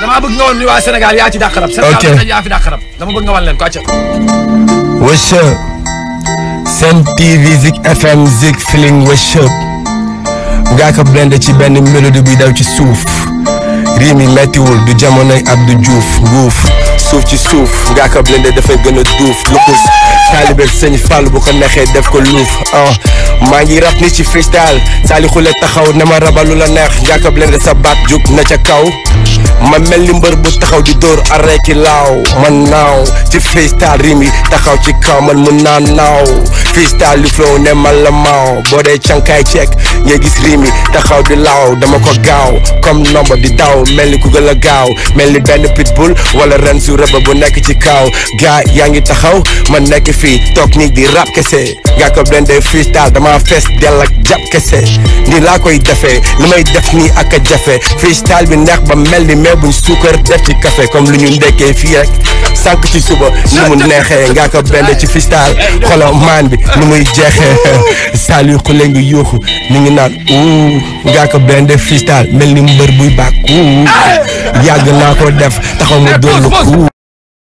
damaa bëgg nga ni Sénégal ci fi dama bëgg nga wan ko TV Zik FM Zik Feeling ko ci daw ci du Abdou Diouf nguuf ci ko lukus sëñ Fall bu ko def ko ah ngi rap ni ci freestyle taxaw rabalu la neex ko sa na ca kaw. ma mel ni mbër bu taxaw di dóor arrêt ki laaw man naaw ci freestyle rim yi taxaw ci kaw man mun naa naaw freestyle li flow ne man la maaw boo dee cankaay ceek ngay gis rim yi taxaw di laaw dama ko gaaw comme nomba di daw mel ni ku gën a gaaw mel ni benn pitbull wala ren su rëba bu nekk ci kaw gaa yaa ngi taxaw man nekk fii toog nii di rap kese ngaa ko blende freestyle dama fees dell ak jàpp kese nii laa koy defee li may def nii ak a jafe freestyle bi neex ba buñ suukar def ci café comme lu ñu ndekkee fii rek sànq ci suba ni mu neexee nga ko benn ci fistal xolo maan bi ni muy jeexee salu xule ngi yuuxu ni ngi naan u nga ko benn fistal mel ni mbër buy bàkk ah! yàgg naa ko def taxaw ma dóorlu